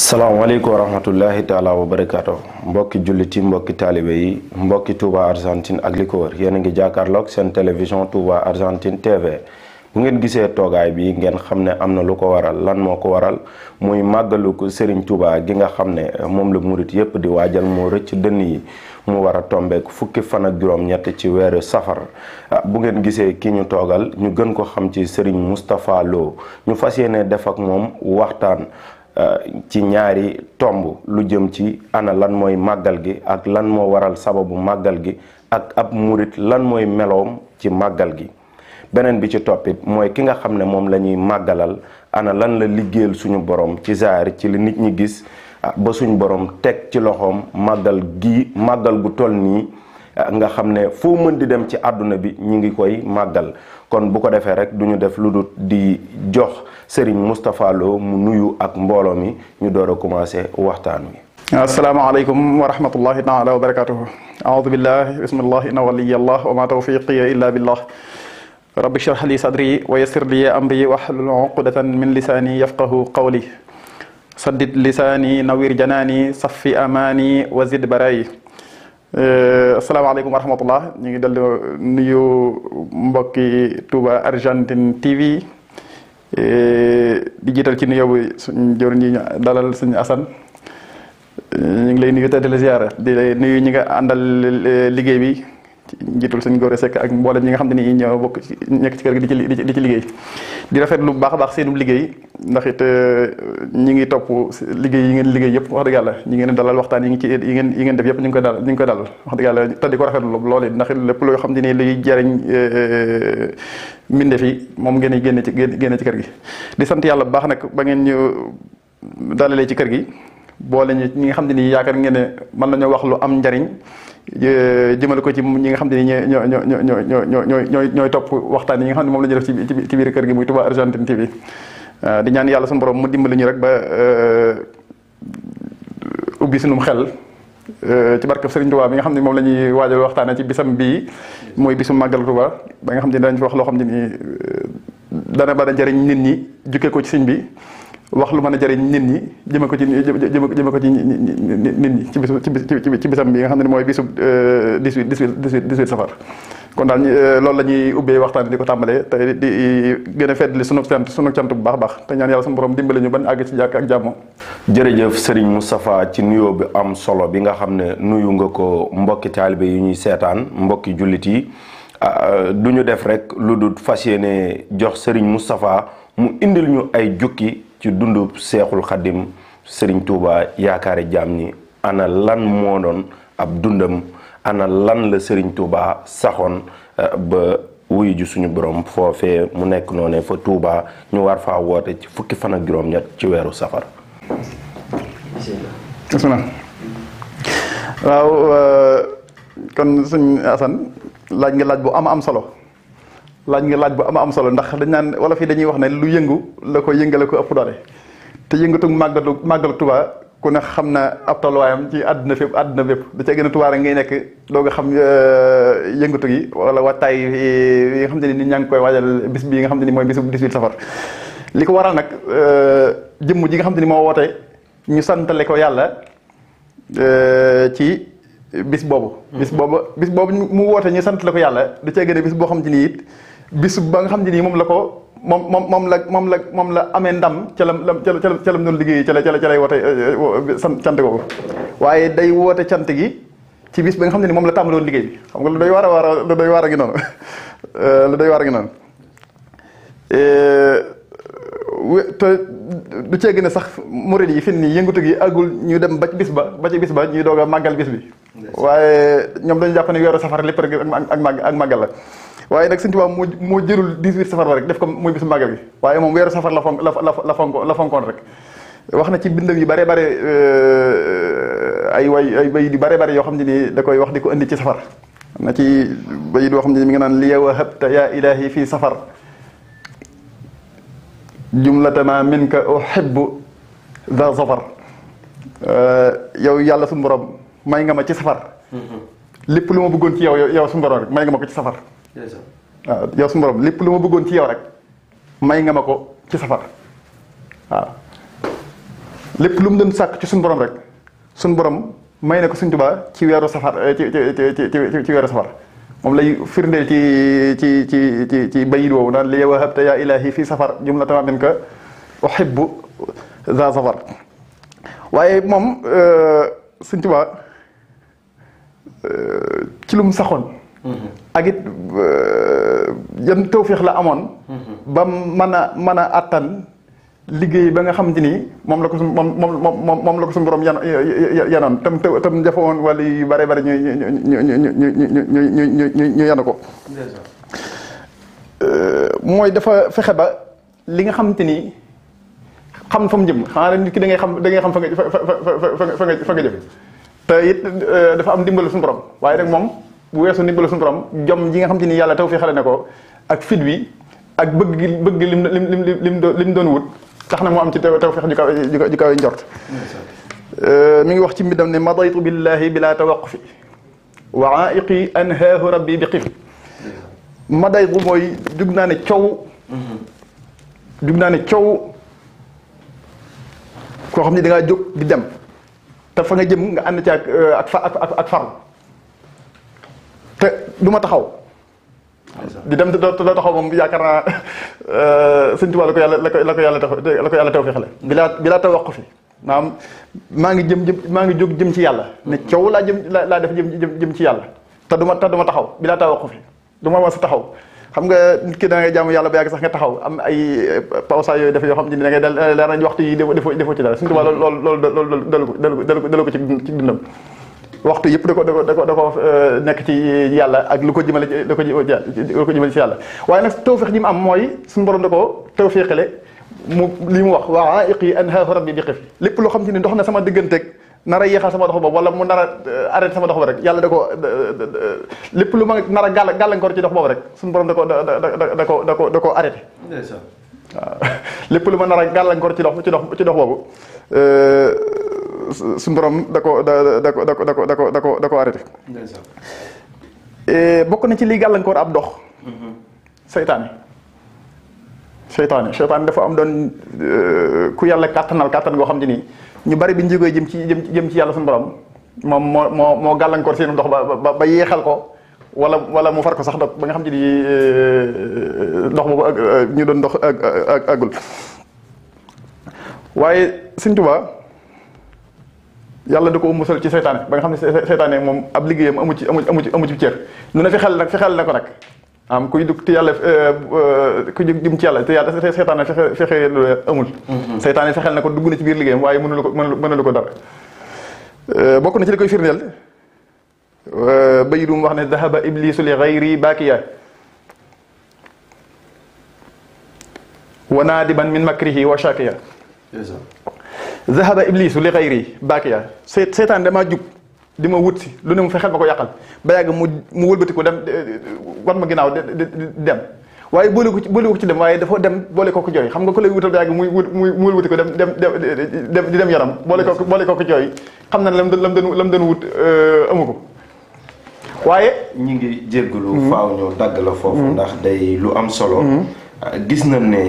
salaamaaleykum wa rahmatullahi taala wa barakaatu mbokki jullit yi mbokki taalibe yi mbokki Touba Argentine ak li ko wër yéen a ngi jàkkaarloog seen télévision Touba Argentine TV bu ngeen gisee toogaay bi ngeen xam ne am na lu ko waral lan moo ko waral muy màggalu ko Serigne Touba gi nga xam ne moom la murit yépp di waajal moo rëcc dënn yi mu war a tombeek fukki fan ak juróom-ñett ci weeru safar ah, bu ngeen gisee ki ñu toogal ñu gën ko xam ci Serigne Moustapha Lo ñu fas yéene def ak moom waxtaan. ci ñaari tomb lu jëm ci ana lan mooy màggal gi ak lan moo waral sababu màggal gi ak ab murit lan mooy meloom ci màggal gi beneen bi ci toppit mooy ki nga xam ne moom la ñuy màggalal ana lan la liggéeyal suñu borom ci zaar ci li nit ñi gis ah, ba suñu borom teg ci loxoom màggal gi màggal gu toll nii ah, nga xam ne foo mën di dem ci àdduna bi ñu ngi koy màggal kon bu ko defee rek du ñu def lu du di jox Serigne Moustapha Lo mu nuyu ak mbooloo mi ñu door a commencé waxtaan wi. asalaamaaleykum wa rahmatullahi taala wa barakatuhu aoudu billahi bismillahi inna waliyallah wa ma tawfiqiya illa billah rabbi shrah li sadri wa yassir li amri wahlul uqdatan min lisani yafqahu qawli saddid lisani nawir janaani safi amaani wa barayi Euh, asalaamaaleykum wa rahmatullah ñu ngi dellu nuyu mbokki Touba Argentine TV euh, di jiital ci nuyoo bi suñ jor ñi ñu dalal suñu asan euh, ñu ngi lay nuyu te di la ziyaara di lay nuyu ñi nga àndal liggéey bi njiitul sëñ Gora Seck ak mboole ñi nga xam ne ni ñoo bokk nekk ci kër gi di ci liggéey di rafet lu baax a baax seenum liggéey ndaxit it euh, ñi ngi topp liggéey yi ngeen liggéey yëpp wax dëgg yàlla ñi ngeen dalal waxtaan yi ngi ci yi ngeen yi ngeen def yëpp ñu ngi koy dalal ñu ngi koy dalal wax dëgg loo xam ne ni luy jariñ euh, mbindeef yi moom ngeen génne ci génne ci kër gi di sant yàlla baax nag ba ngeen ñu dalalee ci kër gi boole ñu ñi nga xam ne ni yaakaar ngeen ne mën nañoo wax lu am njariñ Euh, jëmale ko ci ñi nga xam te ni ñoo ñoo ñoo ñoo ñoo ñooy ñooy topp waxtaan yi nga xam ne moom la ñu def ci ci biir kër gi muy Touba Argentine TV euh, di ñaan yàlla suñu borom mu dimbali ñu rek ba euh, ubbi sunum xel ci barke Serigne Touba bi nga xam ne moom la ñuy waajal waxtaanee ci bisam bii mooy bisum màggal Touba ba nga xam ne dañ fi wax loo xam ne ni dana bari njëriñ nit ñi jukkee ko ci sëñ bi. wax lu mën a jëriñ nit ñi jëme ko ci jëme ko ci nit ñi ci bis ci bisam bi nga xam ne mooy bisub 18 18 18 safar kon daal euh, loolu la ñuy ubbee waxtaan di ko tàmbalee te di gën a feddali sunu cant sunu cant bu baax baax te ñaan yàlla sunu borom dimbali ñu ban àgg ci ak jàmm. jërëjëf Serigne Moustapha ci nuyoo bi am solo bi nga xam ne nuyu nga ko mbokki taalibe yu ñuy seetaan mbokki jullit yi ah, euh, du ñu def rek lu dul fas yéene jox Serigne Moustapha mu indi indil ñu ay jukki. ci dundub seexul xadim sëriñ Touba yaakaari jaam ni ana lan moo doon ab dundam ana lan la sëriñ Touba saxoon eh, ba wuyu suñu boroom foofee mu nekk noone fa Touba ñu war faa woote ci fukki fan ak juróom-ñett ci weeru safar. waaw eh, kon suñ Assane laaj nga laaj bu am am solo. laaj nga laaj bu am am solo ndax dañ naan wala fii dañuy wax ne lu yëngu la ko yëngale ko ëpp doole te yëngatu màggalu màggalu tubaa ku ne xam na ab tolluwaayam ci àdduna fépp àdduna bépp da ca gën a Tuubaa rek ngay nekk doo nga xam euh, yëngatu gi wala wattaay yi nga xam ne ni ñaa ngi koy waajal bis bi nga xam ne ni mooy bu bisu 18 safar li ko waral nag euh, jëmm ji nga xam ne ni moo wootee ñu santale ko yàlla euh, ci bis boobu. bis boobu bis boobu mu woote ñu sant la ko yàlla da cee gën bis boo xam te ni it bis ba nga xam te ni moom la ko moom moom moom la moom la moom la amee ndam ca la ca la ca la mu doon liggéey ca la ca la ca lay woote eh, sant waaye day woote cant gi. ci bis ba nga xam ne ni moom la tàmbaloon liggéey bi xam nga lu doy waar a waar a lu doy waar a ngi noonu eh, lu doy waar a ngi noonu eh, te du cee gën a sax murid yi fi ni yëngutu gi àggul ñu dem ba ci bis ba ba ci bis ba ñuy doog a màggal bis bi waaye ñoom dañu jàpp ne weeru safar lépp rek ak màgg ak màggal la waaye nag Sëñ Tuubaa moo moo jëlul 18 safar rek def ko muy bisu màggal gi waaye moom weeru safar la fonk la la fonk la fonkoon rek wax na ci bindam yi bare bare euh, way ay bay di bare bare yoo xam ne nii da koy wax di ko indi ci safar na ci bay di yoo xam ne mi nga naan li yow a habta ya ilahi fii safar jumlatama minka uhibbu da safar euh, yow yàlla suñu borom may nga ma ci safar mm-hmm. lépp lu ma buggoon ci yow yow suñu borom rek may nga ma ko ci safar yow suñu borom lépp lu ma bëggoon ci yow rek may nga ma ko ci safar lépp lu mu doon sàkk ci suñu rek suñu borom may na ko suñ ci weeru safar eh, ci ci moom lay firndeel ci ci ci ci ci bayit woowu naan li wahabta yaa ilaahi fii safar jumlatan wa min ka uhibbu za safar waaye moom eh, suñ ci lu mu saxoon. ak it yan tawféex la amoon. ba mën a mën a attan liggéey ba nga xam te ni moom la ko suñu moom moom moom la ko suñu borom yan yanoon tam tam jafe woon wala yu bare bare ñu ñu ñu ñu ñu ñu ñu yanu ko. mooy dafa fexe ba li nga xam te ni xam fa mu jëm xanaa nit ki da ngay xam da ngay xam fa nga fa fa fa nga fa nga jëm. te it euh, dafa am dimbalu suñu borom waaye nag moom bu weesoo dimbalu suñu borom jom ji nga xam te ni yàlla taw fi xale ko ak fit wi ak bëgg bëgg lim lim lim lim doon wut tax na moo am ci taw taw fex ju kawe ju kawe njort euh, mi ngi wax ci mbindam ne madaytu billahi bila tawaqufi wa aiqi anhaahu rabbi bi qifi madaytu mooy jug naa ne coow jug naa ne coow koo xam ne da jóg di dem te fa jëm nga ànd ci ak euh, ak ak ak te duma taxaw. di dem te doo taxaw moom yaakaar naa euh, sëñ Tuubaa la ko yàlla la ko yàlla la ko yàlla tawfeexale bi laa bi laa fi maanaam maa ngi jëm jëm maa ngi jóg jëm ci yàlla. ne coow laa jëm laa def jëm jëm ci yàlla te duma ma te ma taxaw bi laa tawaqquf fi du ma mas taxaw. xam nga nit ki da ngay jaamu yàlla ba yàgg sax nga taxaw am ay eh, pausa yooyu def yoo xam ne da ngay dal daa nañ waxtu yi defoo defoo ci dara suñu tubaab loolu loolu dalu ko dalu ko ci yëpp da ko da ko ko da ko eh, nekk ci yàlla ak lu ko jëmale da ko lu ko jëmale ci yàlla waaye nag tawfiq ji am mooy suñu borom da ko tawfiqale mu li mu wax waa iqi anhaahu rabbi bi xif lépp loo xam ci ne ndox na sama digganteeg nara a sama dox boobu walla mu nar a arrêté sama dox boobu rek yàlla da ko lépp lu ma nar a gàll gàllankoor ci dox boobu rek suñu borom da ko da da ko da ko da ko lu ma nar a gàllankoor ci dox ci dox ci dox boobu suñu da ko da da bokk na ci lii gàllankoor ab dox. seytaane seytaane dafa am doon ku yàlla kàttanal kàttan goo xam ne nii. ñu bari bi njigooy jëm ci jëm ci yàlla suñu borom moom moo moo moo gàllankoor seenu ndox ba ba yéexal ko wala wala mu far ko sax dog ba xam ci ni euh, ndox boobu ak euh, doon ndox ak agul waaye yàlla da ko musal ci seytaane ba nga xam ne seytaane moom ab liggéeyam amu ci amu ci amu ci amu ci cër nu ne fi xel nag fi xel na ko nag am kuy dugg ci yàlla euh, euh, ku jëm ci yàlla te yàlla seytaane fexe fexe lu amul. Mm-hmm. seytaane fexeel na ko dugg na ci biir liggéeyam waaye mënalu ko mënalu ko dara. Euh, bokk na ci li koy firndeel bay du mu wax ne dahaba iblisu li xayri baakiya wa naadiban min makrihi wa shakiya. dahaba iblisu li xayri baakiya seytaan damaa jug. di ma wut si lu ne mu fexeel ma ko yàqal ba yàgg mu mu wëlbati ko dem wan ma ginnaaw dem waaye boole ko ci boole ko ci dem waaye dafa dem boole ko ko jooy xam na ko lay wutal ba yàgg muy muy mu wëlbati ko dem dem dem di dem yaram boole ko boole ko ko jooy xam na ne lam lam doon lam doon wut euh, amu ko waaye ñu ngi jéggalu hmm. faaw ñu dagg la foofu hmm. ndax day lu am solo hmm. gis na ne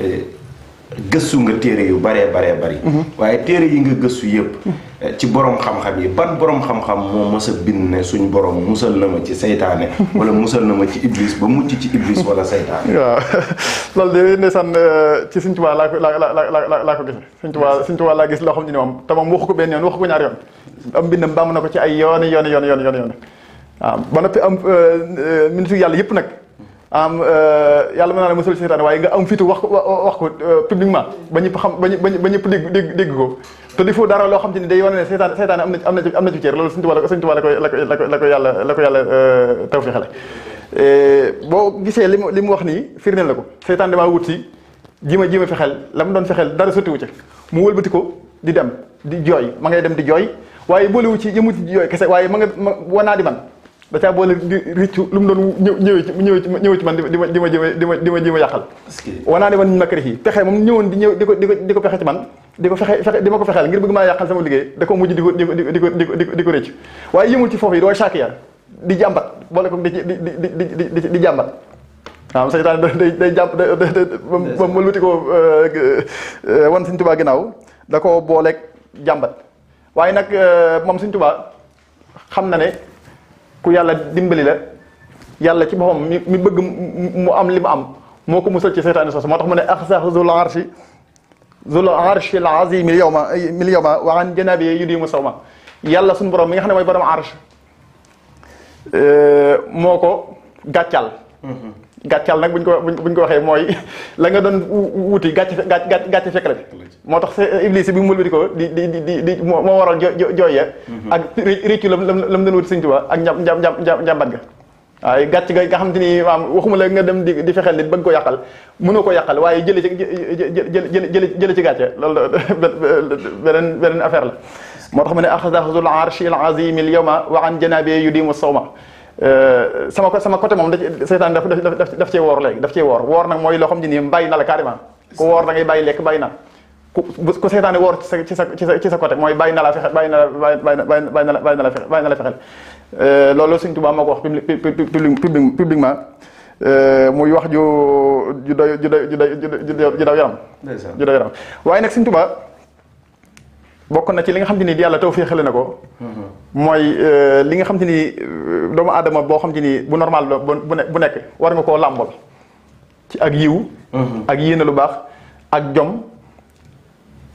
eh, gëstu nga téere yu baree baree bari mhm. waaye téere yi nga gëstu yëpp mhm. eh, ci borom xam-xam yi ban borom xam-xam moo mës bind ne suñu borom musal na ma ci seytaane wala musal na ma ci iblis ba mucc ci iblis wala seytaane waaw loolu de ndeysaan eh, ci Sëñ Tuubaa laa ko laa laa laa ko gis Sëñ Tuubaa Sëñ Tuubaa laa gis loo xam ne moom te moom waxu ko benn yoon waxu ko ñaari yoon am mbindam bàmm na ko ci ay yooni yooni yooni yooni yooni yooni waaw ba noppi am eh, ministre yàlla yëpp nag am euh, yàlla mën naa la musal seytaane waaye nga am fitu wax ko wax ko euh, publiquement ba ñëpp xam ba ba ñëpp dégg dégg ko te di foo dara loo xam te ni day wane ne seytaane seytaane am na am na na ci cër loolu Sëñ Tuubaa la koy la koy la euh, boo gisee li mu li mu wax nii firndeel la ko seytaane damaa wut si jima jima fexeel la mu doon fexeel dara sottiwu ca mu wëlbati ko di dem di jooy ma ngay dem di jooy waaye booliwu ci yëmu ci jooy kese waaye ma nga wanaa di man ba caa boole di riccu lu mu doon ñëwee ci ñëwee ci man di ma di ma di ma di ma di ma yàqal. wanaa ne man ñu nakkari yi pexe moom ñëwoon di ñëw di ko di ko di ko pexe di ko fexe fexe di ma yàqal sama di ko di ko di ko di ko di ko rëcc di jàmbat boole ko di di di di di jàmbat. waaw seytaane day day jàpp day day moom ma luti ko wan Sëñ Tuubaa ginnaaw da ko booleeg jàmbat waaye nag moom Sëñ Tuubaa xam na ne ku yàlla dimbali la yàlla ci boppam mi mi bëgg mu am li mu am moo ko musal ci seytaane sos moo tax mu ne axsax zul arshi zul arshi al azim yow ma mil yow ma wa an yu di mu saw ma yàlla suñu borom mi nga xam ne mooy borom arsh euh, moo ko gàccal mm-hmm. gàccal nag buñ ko buñ ko waxee mooy la nga doon wuti gàcce gàcce gàcce fekk la moo tax Iblis bi mu wëlbati ko di di di di moo waral jo jo jooy ya mm-hmm. ak réccu lam lam lam doon wuti Sëñ Tuubaa ak njàm njàm njàm njàmbat ga. waaye gàcc ga nga xam te ni maam waxuma la nga dem di di fexeel nit bëgg ko yàqal mënoo ko yàqal waaye jëlee ci jë jëlee ci gàcce loolu beneen beneen affaire la. moo tax mu ne axadahu zul arshil azim al yawma wa an janabi yudimu sawma Euh, sama sama côté moom da seytaan daf daf daf cee woor léegi daf cee woor woor nag mooy loo xam ne nii bàyyi na la carrément ku woor da ngay lekk bay na ku ku seytaane woor ci sa ci sa ci sa côté mooy bay na la fexe bàyyi na la bàyyi na la bàyyi na la fexe bàyyi na la fexel euh, loolu Sëñ Tuubaa moo ko wax public ma euh, muy wax ju ju doy ju doy ju doy ju daw yaram ju daw yaram waaye nag Sëñ Tuubaa bokk na ci li nga xam ne nii yàlla tawfeexal na ko mm-hmm. mooy euh, li nga xam te ni euh, doomu adama boo xam ci ni bu normal la bu nekk war nga koo làmbal ci ak yiw mhm. ak na lu baax ak jom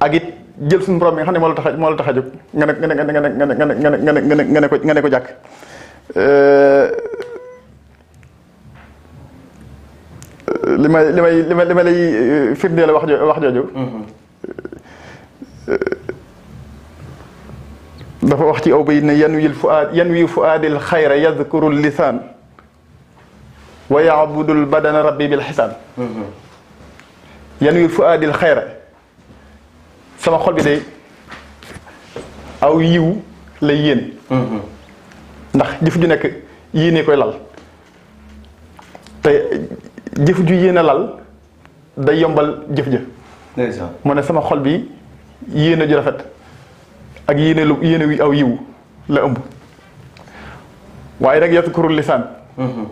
ak it jël suñu borom bi nga xam ne moo la tax moo la tax a jóg nga ne nga ne nga ne nga ne nga ne nga ne ko jàkk euh, li may li may li ma li may lay firndeel wax jo wax jooju mhm. dafa wax ci aw bayit ne yan wil fuaad yan wi fuaadil xayra yadkuru lisaan wa yaabudul badana rabbi bil xisaan yan wil fuaadil xayra sama xol bi day aw yiw lay yéen ndax jëf ju nekk yéene koy lal te jëf ju yéen a lal day yombal jëf ja mu ne sama xol bi yéen a ju rafet ak yéene lu yéene wi aw yiw la ëmb waaye nag yadkuru lisaan mhm.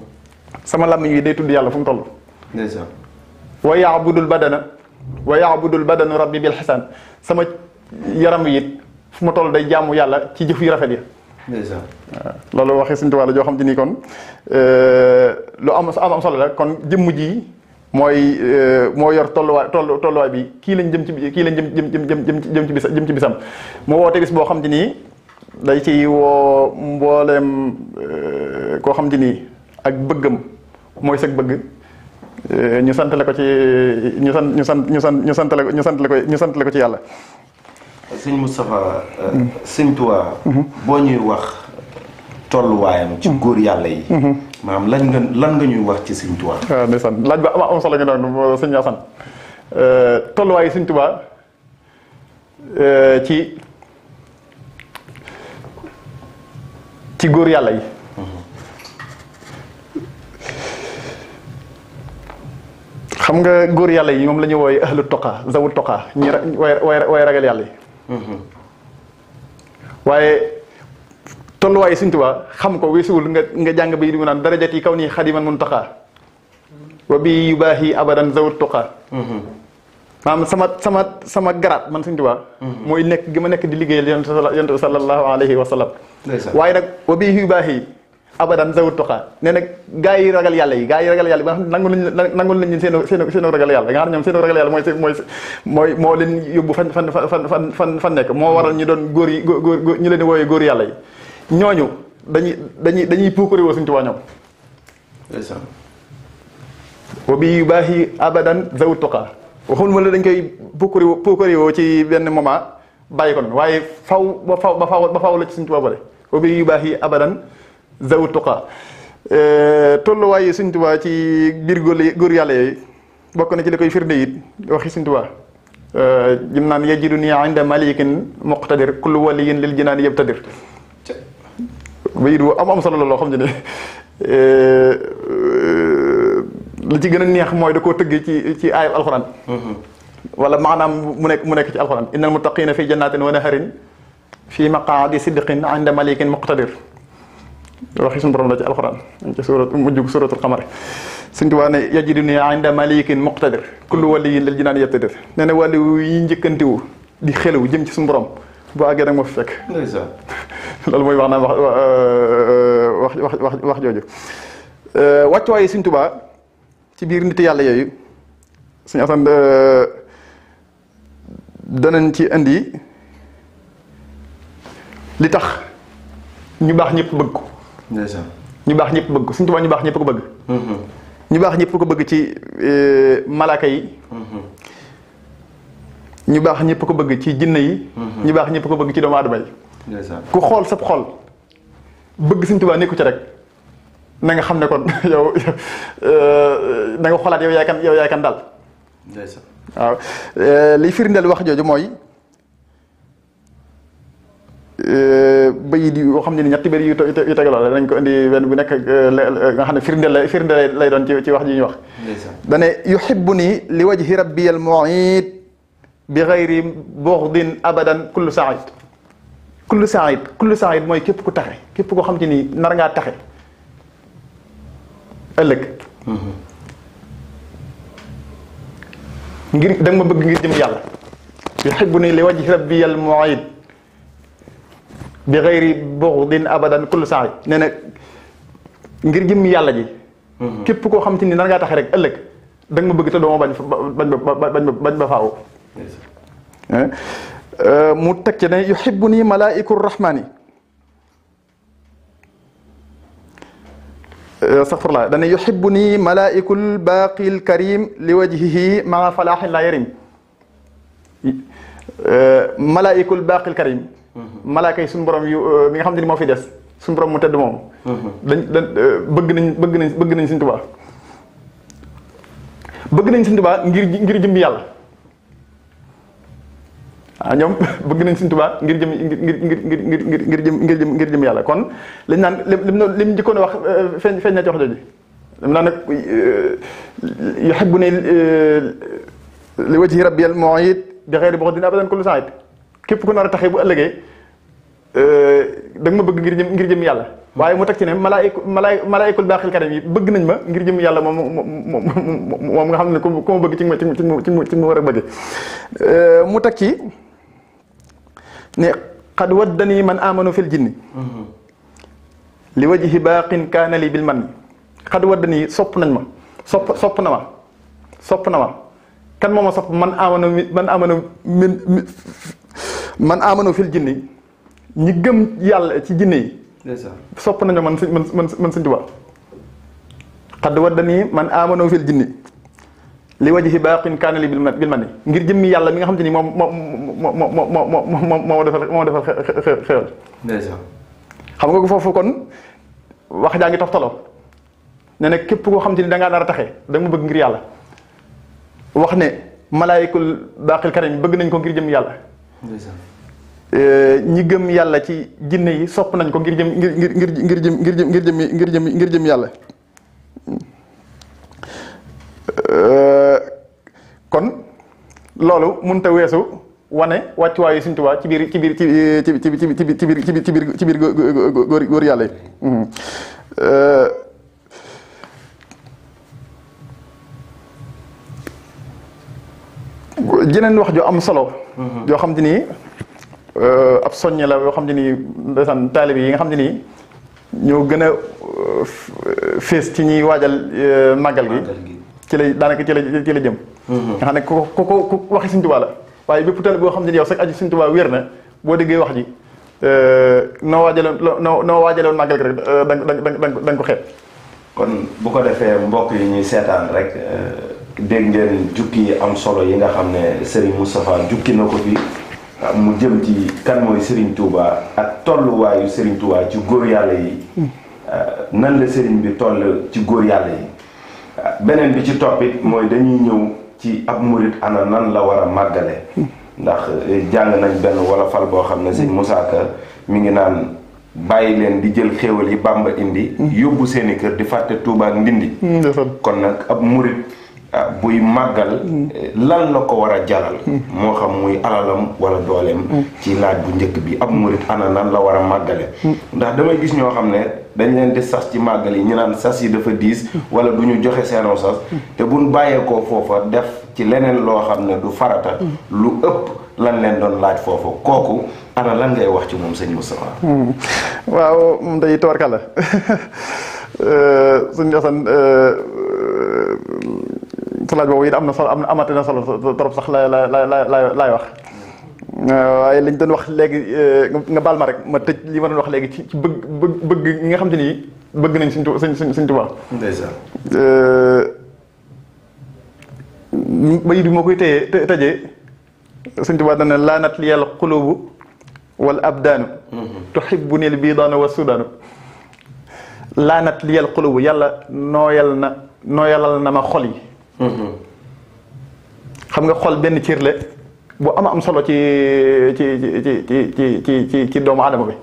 sama làmmiñ wi day tudd yàlla fu mu toll wa yaabudul badana wa yaabudul badanu rabbi bil xasan sama yaram wi it fu ma toll day jaamu yàlla ci jëf yu rafet ya waaw loolu waxee suñu tubaab joo xam te ni kon euh, lu am am solo la kon jëmm ji mooy euh, moo yor tolluwaay toll tolluwaay bi kii lañ jëm ci kii lañ jëm jëm jëm jëm ci bis jëm ci bisam mu woote bis boo xam te nii day ci woo mbooleem euh, koo xam te nii ak bëggam mooy sag bëgg euh, ñu sant la ko ci ñu sant ñu sant ñu sant ñu sant ñu sant ko ñu sant ci yàlla. sëñ Moustapha. Mm. sëñ Tuubaa. Mm-hmm. boo ñuy wax. tolluwaayam ci mm-hmm. góor yàlla yi. maanaam mm-hmm. lan nga lan nga ñuy wax ci Sëriñ Tuubaa. Ah, euh, euh, waaw euh, góor yàlla mm-hmm. xam nga góor yàlla yi moom lañuy ñu wooye ahlu zawu toqa ñi way ragal yàlla yi. waaye. tolluwaayu Sëriñ Tuubaa xam ko weesuwul nga nga jàng bay di mu naan darajat yi kaw nii xadiman muntaxaa wa bi baax yi abadan zawut tuqaa maanaam sama sama sama garaat man Sëriñ Tuubaa mooy nekk gi ma nekk di liggéeyal yonent yonent sallallahu alayhi wa sallam waaye nag wa bi yu baax yi abadan zawut tuqaa nee na gaa yi ragal yàlla yi gaa yi ragal yàlla yi ba nga xam nangul nañ nangul nañ seen seen seen ragal yàlla nga xam ñoom seen ragal yàlla mooy moo leen yóbbu fan fan fa fan fan nekk moo waral ñu doon góor yi góor ñu leen wooyee góor yàlla yi ñooñu dañuy dañuy dañuy puukare woo Sëñ Tuubaa ñoom. wa bi yu baax yi abadan zawu tuqaa waxul ma la dañ koy puukare ci benn moment bàyyi ko waaye faw ba faw ba faw ba faw la ci Sëñ Tuubaa bi yu baax yi abadan zawu tuqaa tolluwaayu Sëñ ci biir góor góor yooyu bokk na ci li koy firnde it waxi Sëñ Tuubaa jim naan yajidu nii inda malikin muqtadir kullu waliyin lil jinaan yabtadir bayit wu am am solo la loo xam ne eh, li ci a neex mooy da koo tëggee ci ci aayab alxuraan. wala maanaam mu nekk mu nekk ci alxuraan innal muttaqina fi jannatin wa naharin fi maqaadi sidqin inda malikin muqtadir waxi suñu borom la ci alxuraan ci suurat mujj suuratul xamar suñ tubaa ne yajiduni inda malikin muqtadir kullu waliyin yi jinaan yabtadir nee na wàllu yi njëkkantiwu di xelaw jëm ci suñu borom boo àggee nag moo fi fekk. loolu mooy wax naa euh, wax wax wax wax jooju. Euh, wàccuwaayu Sëñ Tuubaa ci biir nit yàlla yooyu suñu asan euh, danañ ci indi li tax ñu baax ñëpp bëgg ko. ñu baax ñëpp bëgg ko Sëñ Tuubaa ñu baax ñëpp ko bëgg. Mm-hmm. ñu baax ñëpp ko bëgg ci malaaka yi. Mm-hmm. ñu baax ñëpp ko bëgg ci jinne yi. Mhm. ñu baax ñëpp ko bëgg ci doomu aadama yi. ku xool sab xol bëgg Sëñ Tuubaa ci rek na xam ne kon yow euh, na xoolaat yow yaay kan yow yaay kan daal. waaw euh, liy firndeel wax jooju mooy euh, bëy di yoo xam ne ñetti bëri yu yu tegaloo la danañ ko indi benn bu nekk nga xam ne firndeel lay firndeel lay doon ci wax ji ñuy wax. dane yuhibbuni li wajhi rabbiyal mu'id bi xayri buxdin abadan kullu said kullu said kullu said mooy képp ku taxe képp koo xam ci ni nar ngaa taxe ëllëg ngir da ma bëgg ngir jëm yàlla yuxibu ni li wajhi rabbi al muid bi abadan kullu said nee na ngir jëm yàlla ji mm-hmm. képp koo xam ci ni nar ngaa taxe rek ëllëg da nga ma bëgg te doo bañ ba bañ ba faaw Euh, mu teg ci ne yuhibbu nii malaa'iku rahmaani euh, astaghfirullah dane yuhibbu nii malaaikul baaqil karim li wajhihi maa falaaxin laa yarim malaaikul baaqil karim mhm. malaaka yi suñu borom yu euh, mi nga xam ne moo fi des suñu borom mu tedd moom mhm. dañ dañ bëgg nañ bëgg nañ bëgg nañ Sëñ Tuubaa bëgg nañ Sëñ Tuubaa ngir ngir jëmbi yàlla ah ñoom bëgg nañ Sëriñ Tuubaa ngir jëm ngir ngir ngir ngir ngir jëm ngir jëm ngir jëm yàlla kon lañ naan lim lim njëkkoon wax euh, feeñ feeñ na ci wax jooju lim naan nag euh, yuhibbu ne euh, li wajhi rabbiyal mu'id bi ghayri bughdin abadan kullu sa'id képp ku nar a taxee bu ëllëgee da nga ma bëgg ngir jëm ngir jëm yàlla. waaye mu teg ci ne malaayku malaayikul baaxil karam yi bëgg nañ ma ngir jëm yàlla moom moom nga xam ne ko ma bëgg ci ma ci ma ci ma war a bëgg mu teg ci. ne xad waddani man amanu fil jinni li wajhi baaqin kaana li bil man xad waddani sopp nañ ma sopp sopp na ma sopp na ma kan moo ma sopp man amanu man amanu min man amanu fil jinni ñi gëm yàlla ci jinne yi sopp nañu man man man man Sëñ Tuubaa xad waddani man amanu fil jinni li wajhi baaqin kaana li bil man ngir jëmmi yàlla mi nga xam te ni moom moo moo moo moo moo moo defal moo defal xewal. xam nga ko foofu kon wax jaa ngi toftaloo ne ne képp koo xam te ni da ngaa nar a taxee bëgg ngir yàlla wax ne malaayikul baaqil karim bëgg nañ ko ngir jëmmi yàlla. Eh, ñi gëm yàlla ci jinne yi sopp nañ ko ngir jëm ngir ngir ngir jëm ngir jëm ngir jëm ngir jëm yàlla. Euh, kon loolu mun a weesu wane wàccuwaayu Sëriñ Tuubaa ci biir ci biir ci ci ci ci ci biir ci biir ci biir ci biir góor góor yàlla yi. Mhm. Euh, jeneen wax ju am solo. yoo mhm. xam te ni euh, ab soññe la yoo xam te ni ndeysaan taalib yi nga xam te nii ñoo gën a fees ci ñuy waajal màggal gi. ci lay daanaka ci la ci la jëm mm-hmm. nga xam ne ku ko ku ko waxi Sëñ Tuubaa la waaye bépp tali boo xam ne yow sax aju Sëñ Tuubaa wér na boo déggee wax ji euh, noo waajaloon noo noo waajaloon màggal rek da nga da nga ko xeeb kon bu ko defee mbokk yi ñuy seetaan rek euh, dégg jukki am solo yi nga xam ne Serigne Moustapha jukki na ko fi ah, mu jëm ci kan mooy Serigne Touba ak tolluwaayu Serigne Touba ci góor yàlla yi mm. ah, nan la Serigne bi toll ci góor yàlla yi beneen bi ci toppit mooy dañuy ñëw ci ab murit ana nan la war a màggale ndax eh, jàng nañ benn wala fal boo xam ne si Moussa Ka mi ngi naan bàyyi leen di jël xéewal yi Bàmba indi mm. yóbbu seeni kër di fàtte Tuuba Ndindi mm, kon nag ab murit Ah, buy màggal mm. eh, lan la ko war a jaral mm. moo xam muy alalam wala dooleem mm. ci laaj bu njëkk bi ab murit ana la war a màggale ndax damay gis ñoo xam ne dañ leen di sas ci màggal yi ñu naan sas yi dafa diis wala du ñu joxe seeno sas te buñ bàyyeekoo foofa def ci leneen loo xam ne du farata lu ëpp lan leen doon laaj foofa kooku ana lan ngay wax ci moom sëñ Moustapha waaw moom day toorka la suñ laaj boobu it am na solo am na amati na solo trop sax la la la la laay wax. Euh, waaye liñ doon wax léegi euh, nga baal ma rek ma tëj li ma doon wax léegi ci ci bëgg bëgg bëgg ñi nga xam te ni bëgg nañ suñ suñ suñ Tuubaa. ndeysaan. Euh, bayit bi moo koy téye te tëjee suñ dana laanat li yàlla xulubu wal abdaanu. Mm-hmm. tuhibbu nil biidaanu wa sudaanu. laanat li yàlla xulubu yàlla nooyal na nooyalal na ma xol yi. xam nga xol benn cër la bu am am solo ci ci ci ci ci ci ci doomu aadama bi.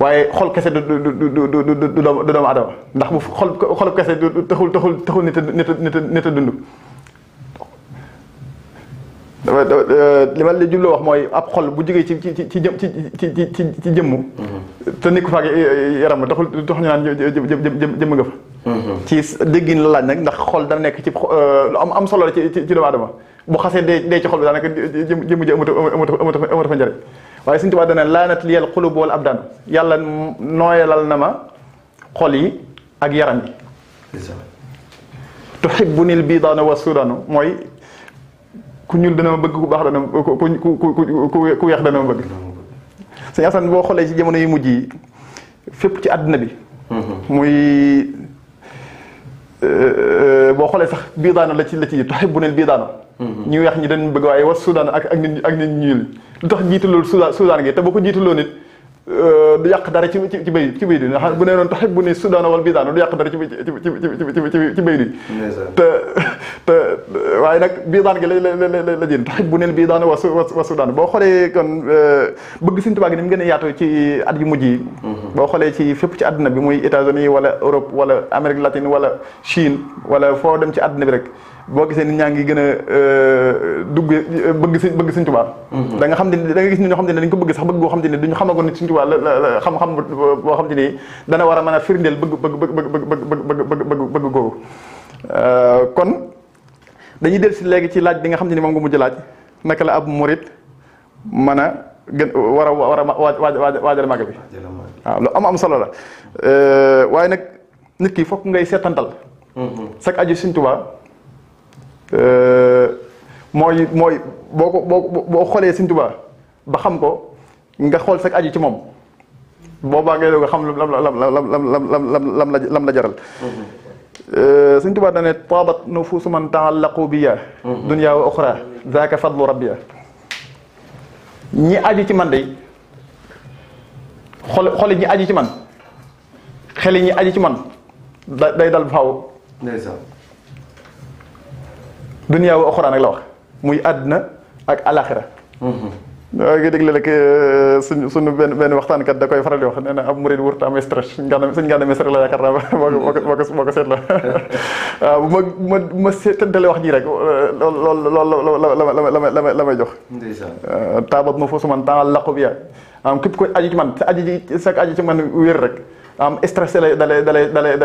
waaye xol kese du du du du du du doomu aadama ndax bu xol xol kese du taxul taxul taxul nit a nit a nit a dund. dama li ma la jubloo wax mooy ab xol bu jógee ci ci ci ci ci ci ci ci jëmm. te nekkul fa ak yaram taxul tax ñu naan jë jë jë jëmm nga fa. Mm-hmm. ci déggin la laaj nag ndax xol da nekk ci euh, lu am am solo la ci ci doomu aadama bu xasee dee dee ci xol bi daanaka jëm jëm amatu amatu amatu fa njëriñ waaye suñu tubaab dana laanat liyal xulub yàlla nooyalal na ma xol yi ak yaram yi. tuhibbunil biidaana wa suudaana mooy ku ñuul dana ma bëgg ku baax dana ma ku ku ku ku weex dana ma bëgg. sëñ Assane boo xoolee ci jamono yu mujj yi fépp ci àddina bi. Mm-hmm. muy Euh, boo xoolee sax biir daana la ci la ci taxit bu neen biir daana. Mm-hmm. ñu weex ñi dañu bëgg waaye war Soudan ak ak nit ak nit ñuul lu tax jiitaloo Soudan Soudan gi te boo ko jiitaloo nit. Euh, du yàq dara ci ci bay ci bay di ndax bu nee ta taxit bu ni sudaana wal bidaana du yàq dara ci ci ci ci bay di te te waaye nag bidaan gi la la la jén taxit bu neen bidaana wa wa sudaana boo xoolee kon euh, bëgg Sëriñ Tuubaa gi ni mu gën ci at yu mujj yi mhm. boo xoolee ci fépp ci àdduna bi muy États-Unis wala Europe wala Amérique latin wala Chine wala foo dem ci àdduna bi rek boo gisee nit ñaa ngi gën a euh, dugg euh, bëgg si bëgg Sëñ Tuubaa mhm. da nga xam te da nga gis ni ñoo xam te ne dañ ko bëgg sax bëgg boo xam te ne duñu xamal ko ni xam-xam boo xam te ni dana war a mën a firndeel bëgg bëgg bëgg bëgg bëgg bëgg bëgg googu euh, kon dañuy del si léegi ci laaj bi nga xam te ni moom nga mujj laaj naka la ab murit mën a gën war a war a waaj waajal màgg bi waaw lu am am solo la waaye nag nit ki fokk ngay seetantal chaque mhm. aju Sëñ Tuubaa Euh, mooy mooy boo ko boo boo xoolee Sëñ ba xam ko nga xool sax aju ci moom boobaa ngay doog a xam lam lam lam lam la lam la jaral. Euh, Sëñ Tuubaa da no taabat nufuusu man taallaqu biya dunya wa uxra zaaka fadlu rabbiya ñi aju ci man de xol xol ñi aju ci man xel ñi aju ci man day dal faaw. ndeysaan. dunya wa alxuraan rek la wax muy àdduna ak alaxira waaw nga déglu rek suñ suñu benn benn waxtaankat da koy faral di wax nee na murid wurut am stress suñ gànnaaw suñ gànnaaw stress la yaakaar naa boo ko boo ko boo bu ma ma ma wax ji rek lool lool lool la la la la la la may jox. ndeysaan taabat ma foofu man temps laqu bi yaa am képp koy aju man sa aju ci sa aju man wér rek am stress lay dalay dalay dalay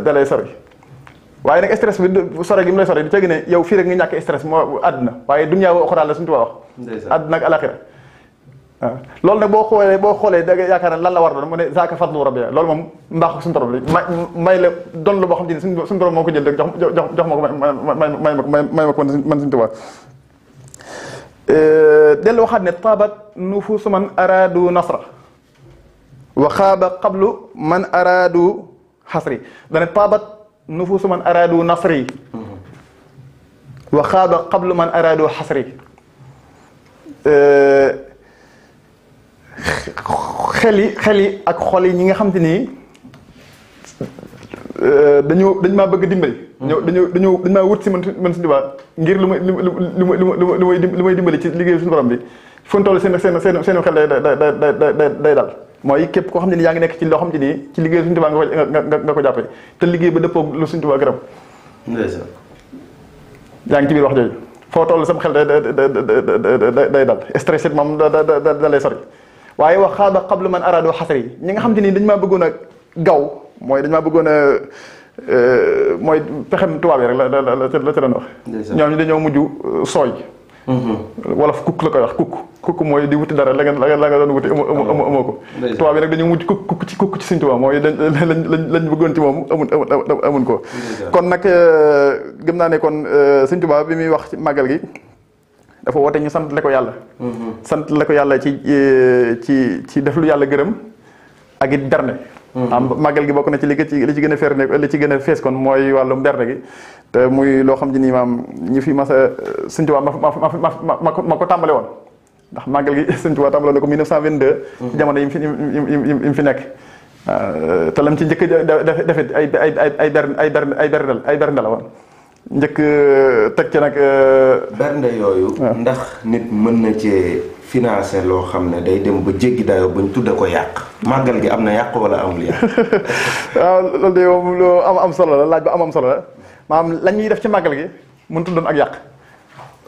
dalay sori. waaye nag stress bi sore gi mu lay sore du tegi ne yow fii rek nga ñàkk stress moo àdduna waaye dunya wa uxra la suñu tubaab wax àdduna ak loolu nag boo xoolee boo xoolee da nga yaakaar a la war doon mu ne zaaka fadlu rabbi loolu moom mbaax suñu borom la may la doon la boo xam te ne suñu suñu borom moo ko jël rek jox jox jox ma ko may may may ma ko man suñu tubaab dellu waxaat ne taabat nufuusu man araadu nasra wa xaaba qablu man araadu xasri dane taabat nufuusu man araadu nasri wa xaaba qablu man araadu xasri xel yi xel yi ak xol yi ñi nga xam te ni euh, dañu dañ bëgg dimbali. ñëw dañu dañu dañ maa wut si man man suñu tubaab ngir lu may lu may lu may lu may dimbali ci liggéeyu suñu borom bi fu mu toll seen seen seen seen xel day day day day day dal. mooy képp koo xam ne ni yaa ngi nekk ci loo xam ne nii ci liggéey Sëriñ Tuubaa nga ko nga ko jàppe te liggéey ba dëppoo lu Sëriñ Tuubaa gërëm yaa ngi ci biir wax jooju foo toll sam xel day day dal stressé moom da da da da lay sori waaye wax xaaba xablu man araadoo xasar yi ñi nga xam te ni dañu maa bëggoon a gaw mooy dañu maa bëggoon a euh, mooy pexem tubaab yi rek la la la la ca doon wax. ñoom ñi dañoo mujj euh, sooy. Mm-hmm. wolof kukk la koy wax kukk kukk mooy di wuti dara la nga la nga doon wuti amoo amoo ko tubaab bi nag dañu wuti kukk kukk ci kukk ci Sëriñ Tuubaa mooy dañ lañ ko kon nag euh, gam naa ne kon euh, Sëriñ Tuubaa bi muy wax ci màggal gi dafa woote ñu sant la yàlla mm-hmm. sant la ko yàlla ci euh, ci ci def lu yàlla gërëm ak it Mm-hmm. am màggal gi bokk na ci li ci li ci gën a ferne li ci gën a fees kon mooy wàllum berne gi te muy loo xam ji nii maam ñi fi masa Sëñ Tuubaa ma ma ma ko tàmbale woon ndax màggal gi Sëñ Tuubaa tàmbale woon ko 1922 ci mm-hmm. jamono yi mu fi yi mu fi nekk ah, te lam ci njëkk defit ay ay ay berne ay berne ay berne ay berne la woon teg ci nag euh, bernde yooyu ndax nit mën na ci financé loo xam ne day dem ba jéggi dayoo ba ñu tudde ko yàq. màggal gi am na yàq wala amul yàq. waaw loolu de moom lu am solo la laaj ba am solo la maanaam la def ci màggal gi mënut doon ak yàq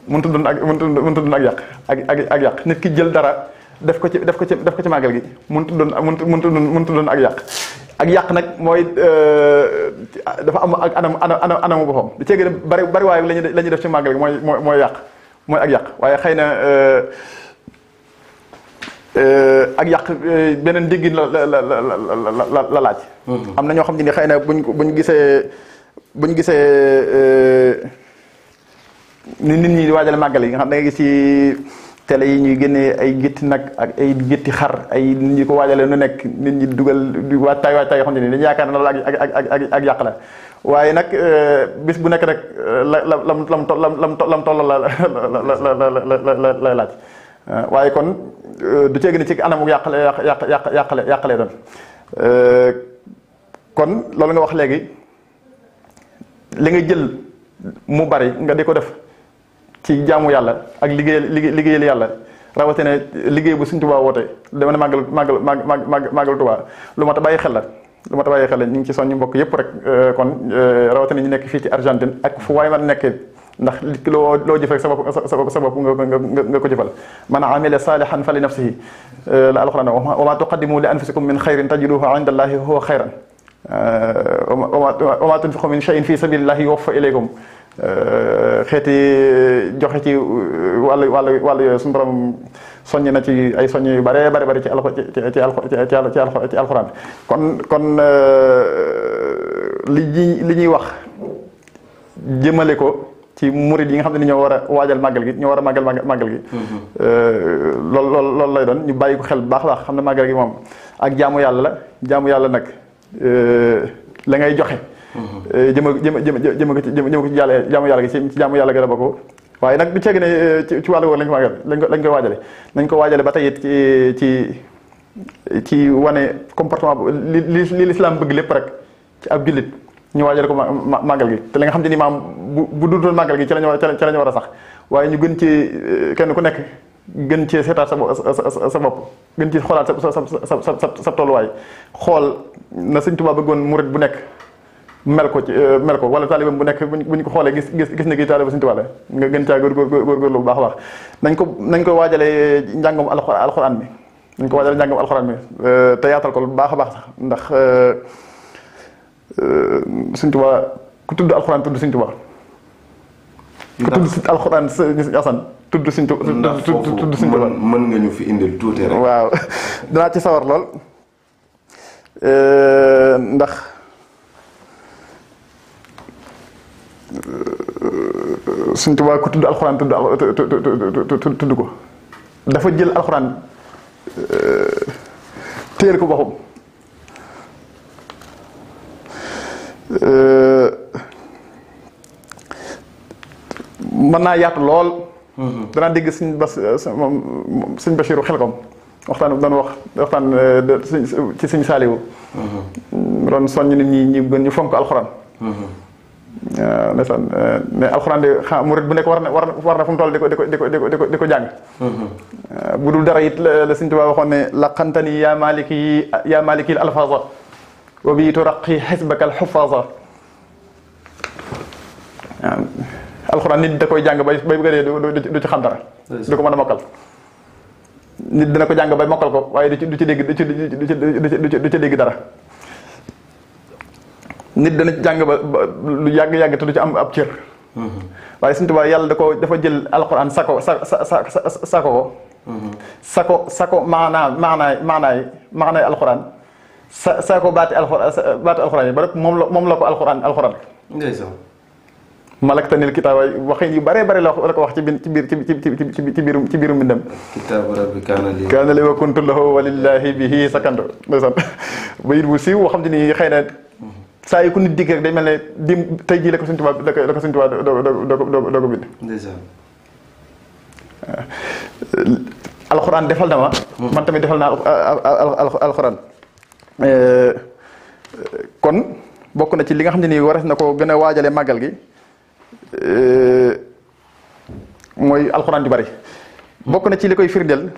mënut a ak mënut a doon yàq ak ak yàq nit ki jël dara def ko ci def ko ci def ko ci màggal gi mënut a doon mënut a doon mënut a yàq. ak yàq nag mooy euh, dafa am ak anam anam anamu boppam da cee gën a bari waaye la ñuy def ci màggal gi mooy mooy yàq mooy ak yàq waaye xëy na. Euh, ak yàq beneen déggin la la la la la laaj. am na ñoo xam ne xëy na buñ buñ gisee buñ gisee ni nit ñi di waajale màggal yi nga xam da nga gis ci télé yi ñuy génnee ay gétti nag ak ay gétti xar ay nit ñi ko waajalee nu nekk nit ñi dugal waajtaay waajtaay yoo xam ne ni dañu yaakaar ne la ak ak ak ak yàq la waaye nag bis bu nekk rek la la lam lam lam lam tollal la la la la la la laaj. Eh, waaye kon eh, du ceeg ni ci anam yàqale yàq yàq yàqale yàqalee doon eh, kon loolu nga wax léegi li nga jël mu bari nga di ko def ci jaamu yàlla ak liggéeyal liggéeyal yàlla rawatina liggéey bu Sëriñ Tuubaa woote dama ne màggal màggal màggal màggal Tuubaa lu mat a bàyyi xel la lu mat a bàyyi xel la ñu ngi ci soññu mbokk yëpp rek kon rawatina ñu nekk fii ci Argentine ak fu waay man nekkee ndax li loo loo jëf rek sabab sabab nga ko jëfal man amila salihan fa li nafsihi euh, la ma tuqaddimu li anfusikum min xayrin tajiduhu inda allahi huwa xayran euh, wa ma tunfiqu min shay'in fi sabilillahi yuwaffa ilaykum euh, xeeti joxe ci wàllu wàllu wàllu yooyu suñu borom soññ na ci ay soññ yu bare bare bare ci alxu ci alxu ci alxuraan kon kon li ñuy li ñuy wax jëmale ko ci murid yi nga xam ne ñoo war a waajal màggal gi ñoo war a màggal màggal gi. loolu mhm. euh, loolu lay doon ñu bàyyi ko xel bu baax a baax xam ne màggal gi moom ak jaamu yàlla la jaamu yàlla nag euh, la ngay joxe. Mhm. Euh, jëma jëma jëma jëma ko ci jëma ko ci yàlla jaamu yàlla gi ci jaamu yàlla gi la bokk waaye nag du ceeg ne ci wàllu woowu lañ ko màggal lañ koy waajale nañ ko waajale ba tey it ci ci ci wane comportement li li li lislaam bëgg lépp rek ci ab jullit. ñu waajal ko maa màggal gi te li nga xam te ni maam bu bu dutoon màggal gi ci lañu war a ci lañu war a sax waaye ñu gën ci eh, kenn ku nekk gën cee seetaat sa sa bopp gën ci xoolaat sa sa sa sa tolluwaay xool na sëñ Tuubaa bëggoon murit bu nekk mel ko ci eh, mel ko wala taalibeem bu nekk bu ñu ko xoolee gis gis gis na kii taalibe sëñ Tuubaa la nga gën caa góor góorgóorlu bu baax a baax nañ ko nañ ko waajalee njàngum alxuraan mi nañ ko waajalee njàngum alxuraan mi eh, te yaatal bu baax a baax ndax Euh, Sëñ Tuubaa ku tudd alxuraan tudd Sëñ Tuubaa. ku tudd si alxuraan tudd Sëñ Tuubaa. ndax tudd mën nga ñu fi indil tuuti rek. ci sawar lool euh, ndax euh, Sëñ Tuubaa ku tudd alxuraan tudd tudd ko dafa jël alxuraan téyel ko boppam. Euh, mën naa yaat lool. Mhm. danaa dégg sëñ Bas euh, sëñ Bachiru Xelkom waxtaan waxtaan euh, ci sëñ Saaliwu. Mhm. doon soññ nit ñi ñu gën ñu fonk alxuraan. Mhm. waaw ndeysaan ne alxuraan de xa murit bu nekk war na war na fu toll di ko di ko di ko di ko di ko jàng. bu dul dara it la sëñ Tuubaa waxoon ne laqantani yaa maaliki yaa maaliki alfaaza wa bii turaqi xisbaka alxufaasa alxuraan nit da koy jàng bay bay ci xam dara du ko mën a nit dina ko jàng bay mokkal ko waaye du ci du ci dégg du ci du ci dégg dara nit dana ci jàng ba lu yàgg yàgg te du ci am ab cër mm-hmm. waaye Sëñ Tuubaa yàlla da ko dafa jël alxuraan sako sa sako mm-hmm. sako sako maanaa maanaay maanaay maanaay alxuraan sa sa ko baati alxuraan sa baati alxuraan yi ba moom la moom la ko alxuraan alxuraan. ndeysaan. malaktanil kitaaba waxin yi bare bëri la ko wax ci biir ci biir ci ci ci biirum ci biirum bindam. kitaabu rabbi kaana li. kaana li wa kuntu lahu walillaahi bihi sakantu ndeysaan bayit bu siiw xam te ni xëy na. saa yu ku nit dikk rek mel ne di tey jii la ko Sëñ Tuubaa la ko la ko Sëñ Tuubaa doo doo doo ko bind. defal na ma. Hmm. man tamit defal naa alxuraan. Euh, kon bokk na ci li nga xam ne nii waras na ko gën a waajale màggal gi euh, mooy alxuraan ju bari bokk na ci li koy firndeel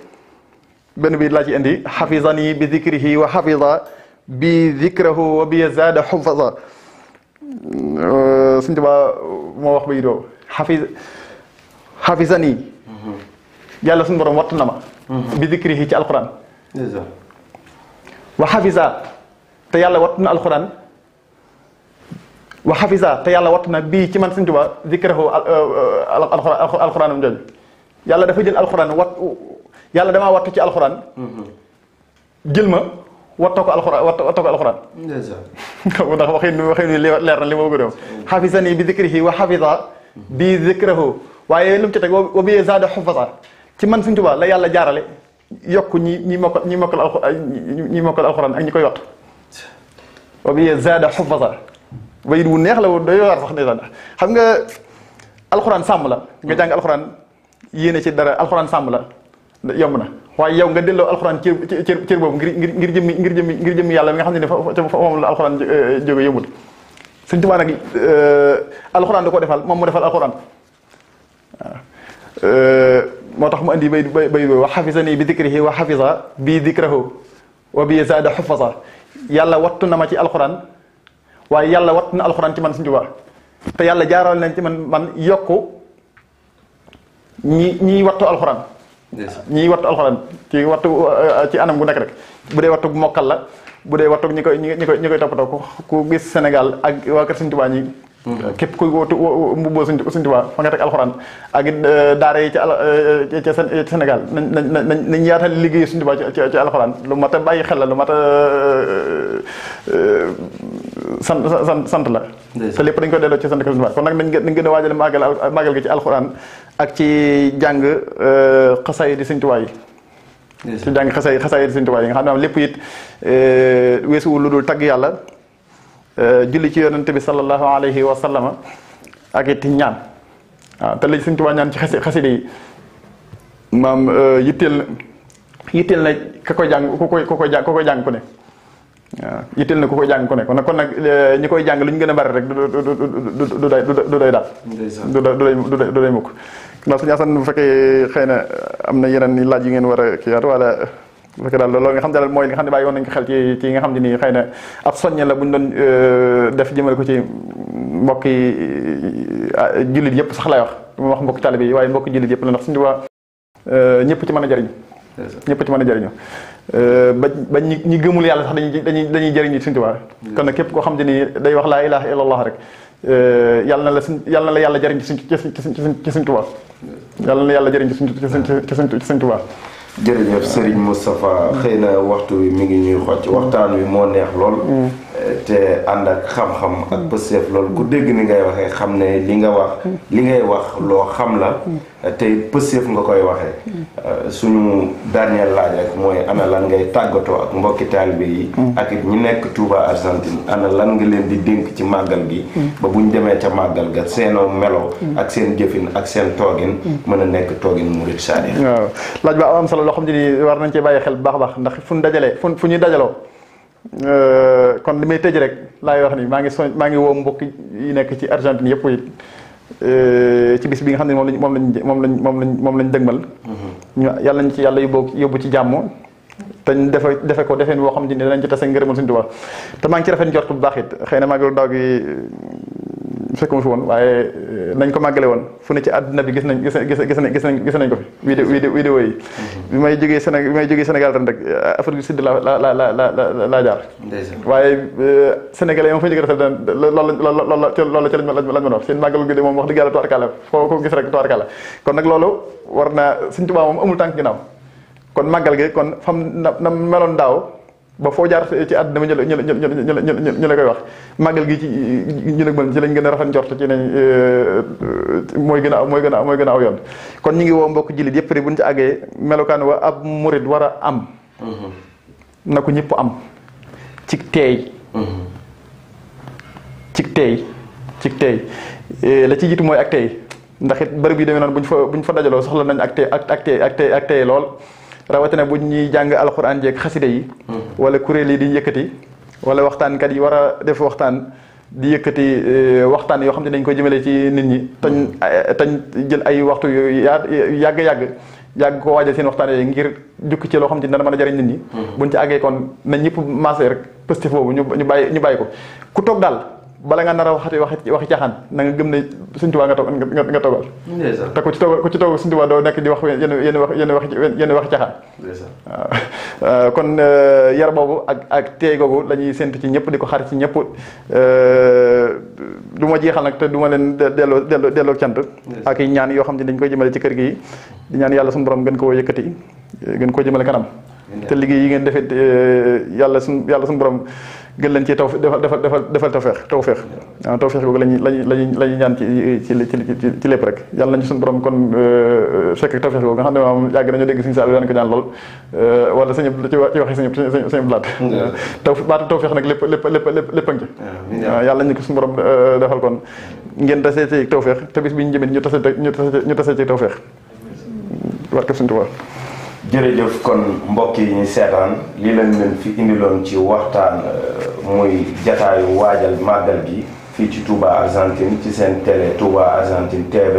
benn bi laa ci indi xafisani bi zikrihi wa xafisa bi zikrahu wa bi zaada xufasa euh, suñ tubaa moo wax bay doo xafis xafisani mhm. yàlla suñu borom watt mhm. bi zikrihi ci alxuraan wa xafisa te yàlla wattu na alxuraan wa xafisa te yàlla wattu na bii ci man Sëriñ Tuubaa zikrahu euh, euh, alxuraanam jooju yàlla dafa jël alxuraan wat yàlla damaa wattu ci alxuraan mm-hmm. jël ma wattoo ko alxuraan wattoo ko alxuraan ndax waxin waxin leer na li ma bëgg doom xafisa mm-hmm. nii bi zikrihi wa xafisa bi zikrahu waaye lu mu ci teg wa bi zaada xufasa ci man Sëriñ Tuubaa la yàlla jaarale yokk ñi ñi mokkal ñi mokkal alxuraan ñi mokkal alxuraan ak ñi koy wat wa bi zaada xufasa bayit wu neex la woon doy waar sax xam nga alxuraan sàmm la nga jàng alxuraan yéene ci dara alxuraan sàmm la yomb na waaye yow nga delloo alxuraan cër cër cër boobu ngir ngir jëmmi ngir jëmmi ngir jëmmi yàlla mi nga xam ne ne fa moom la alxuraan eh, jóge yóbbul Sëñ Tuubaa nag eh, alxuraan da ko defal moom mu defal alxuraan Euh, moo tax mu andi bay bay bay wa xafisani bi dikrihi wa xafisa bi dikrahu wa bi zaada xufasa yàlla wattu na ma ci alxuraan waaye yàlla wattu na alxuraan ci man Sëriñ Tuubaa te yàlla jaaral nañ ci man man yokku ñi ñiy wattu alxuraan. ñiy wattu alxuraan ci wattu euh, ci anam gu nekk rek bu dee wattu mokkal la bu dee wattu ñi koy ñi koy ñi koy toppatoo ku gis Sénégal ak waa kër Sëriñ ñi. képp kuy wootu mbubboo suñ suñ Tuubaa fa alxuraan ak it eh, daara yi ci al eh, ca Sénégal nañ nañ nañ nañ yaatal liggéey suñ Tuubaa ci ci alxuraan lu mat a bàyyi xel la lu mat a eh, sant sant la. te lépp dañ ko delloo ci sant ko suñ Tuubaa kon nag nañ gën nañ gën a waajal màggal màggal gi ci alxuraan ak ci jàng xasaay di suñ Tuubaa yi. ci jàng xasaay di suñ yi nga xam ne lépp it weesuwul lu dul tagg yàlla. Eh, julli ci yonent bi sallallahu alayhi wa sallama ak it ñaan waaw ah, te léegi Sëñ Tuubaa ñaan ci xasi xaside yi maam eh, yitteel na yitteel na ku ko jàng ku koy jàng ku ne ah, na ku koy kon nag eh, ñi koy jàng lu ñu gën a bari rek du du du du du daal. du doy du doy mukk. ndax suñu asan bu fekkee xëy na am na yeneen laaj yu ngeen war a kii wala. parce que daal loolu nga xam ne daal mooy li nga xam ne bàyyi woon nañ ko xel ci ci nga xam ne nii xëy na ab soññe la bu ñu doon euh, def jëmale ko ci mbokki euh, ah, jullit yëpp sax lay wax mu wax mbokki taalibe yi waaye mbokki jullit yëpp la ndax suñu waa euh, ñëpp ci man a jariñ ñëpp ci man a jariñu ba ba ñi gëmul yàlla sax dañuy dañuy dañuy jëriñu suñu tubaab kon nag képp koo xam te ni day wax laa ilaha illallah rek yàlla na la suñ yàlla na la yàlla jëriñ ci suñ ci suñ ci suñ tubaab yàlla na la yàlla jëriñ ci suñ ci suñ ci suñ jërëjëf Serigne Moustapha xëy na waxtu wi mi ngi ñuy xocc waxtaan wi moo neex lool. Mm. Eh, te ànd ak xam-xam ak pëseef lool ku dégg ni ngay waxee xam ne li nga wax mm. li ngay wax loo xam la. Mm. tey pëseef nga koy waxee hmm. euh, suñu dernier laaj rek mooy ana ngay tàggatoo ak mbokki taalibe yi hmm. ak it ñi nekk Touba Argentine ana lan nga leen di dénk ci màggal gi hmm. ba ñu demee ca màggal ga seeno melo ak seen jëfin ak seen toogin mën a nekk toogin murid saadix waaw laaj ba am solo loo xam ne ni war nañ cee bàyyi xel bu baax a baax ndax fu ñu dajalee fu fu ñuy dajaloo euh, kon li may tëj rek laay wax ni maa ngi soñ maa ngi woo mbokki yi nekk ci Argentine yëpp it Euh, ci bis bi nga xam ne moom lañ moom lañ moom lañ moom lañ moom lañ dëgmal. Mhm. ñu yàlla nañ ci yàlla yóbbu yóbbu ci jàmm. te ñu defe defe ko defeen woo xam ne dinañ ci tase ngërëmal Sëñ Tuubaa te maa ngi ci rafet njort bu baax it xëy na màggal daaw gi fekkuma fi woon waaye eh, nañ ko màggale woon fu ne ci àddina bi gis nañ gis nañ gis nañ gis nañ ko fi vidéo vidéo yi mhm. bi may jógee Sénégal bi may jógee Sénégal ren rek eh, Afrique du Sud la la la la la laa jaar waaye eh, sénégalais moom fa njëkk a def loolu loolu la la ca lañ lañ ma wax seen màggal gi de moom wax dëgg yàlla tubaarkàlla foo ko gis rek tubaarkàlla kon nag loolu war naa Sëñ Tuubaa moom amul tànk ginnaaw kon màggal gi kon fam na meloon daaw ba foo jaar ci àddina ma ñu la ñu la ñu la koy wax màggal gi ci ñu ne mën lañ gën a rafet njort ci ne euh, mooy gën a mooy gën a mooy gën a aw yoon kon ñu ngi woo mbokk jullit yëpp rek bu ñu ci àggee melokaan waa ab murid war a am. Mm-hmm. na ko ñëpp am. ci teey. Mm-hmm. ci teey ci teey eh, la ci jiitu mooy ak teey ndax it bërëb yi demee noonu bu ñu fa bu fa dajaloo soxla nañ ak teey ak teey ak teey lool. rawatina bu ñuy jàng alxuraan jeeg xaside yi wala kuréel yi di yëkkati wala waxtaankat yi war a def waxtaan di yëkkati eh, waxtaan yoo xam ne dañ ko jëmale ci nit ñi tañ eh, tañ jël ay waxtu yooyu yàgg-yàgg yàgg ko waajal seen waxtaan yooyu ngir jukki ci loo xam ne dana mën a jariñ nit ñi hmm. buñ ci àggee kon nañ ñëpp maasee rek positif foofu ñu bàyyi ñu bàyyi ko ku toog daal bala nga nar a waxati waxi waxi caaxaan na nga gëm ne Sëñ Tuubaa nga toog nga toogal te ku ci toog ku ci toog Sëñ Tuubaa doo nekk di wax yenn yenn wax yenn yenn waxi caaxaan ah, kon eh, yar boobu ak ak teey googu la ci ñëpp di ko xar ci ñëpp eh, du ma jeexal nag te duma leen delloo delloo delloo cant ak i ñaan yoo xam ne dañ koy jëmale ci kër gi di ñaan yàlla suñu borom gën koo yëkkati gën koo jëmale kanam te liggéey yi ngeen defee eh, yàlla suñu yàlla suñu borom gën leen ci taw defal defal defal tawfeex tawfeex waaw ah, tawfeex googu lañu lañu lañu la ñuy ñaan ci ci ci ci lépp rek yàlla nañu suñu borom kon euh, fekk tawfeex googu nga xam ne maam yàgg nañu dégg suñu saal daan ko ñaan lool euh, wala sañu ci waxe sañu sañu blaat taw baatu tawfeex nag lépp lépp lépp lépp lépp a ngi ci waaw ah, yàlla nañu ko euh, defal kon ngeen tasee ci tawfeex te bis bi ñu jëmit ñu tasee ñu tasee ci tawfeex war ko suñu tubaab jërëjëf kon mbokk yi ñu seetaan li lañ leen fi indiloon ci waxtaan euh, muy jataayu waajal màggal gi fii ci Touba Argentine ci seen télé Touba Argentine TV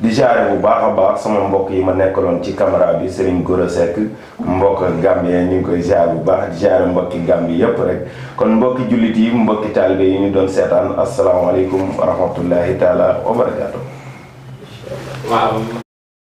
di jaare bu baax a baax sama mbokk yi ma nekkaloon ci caméra bi Serigne Gora Seck mbokk Gambien ñu ngi koy jaare bu baax di jaare mbokki Gambie yépp rek kon mbokki jullit yi mbokki taalibe yi ñu doon seetaan asalaamaaleykum wa rahmatullahi taala wa barakaatu.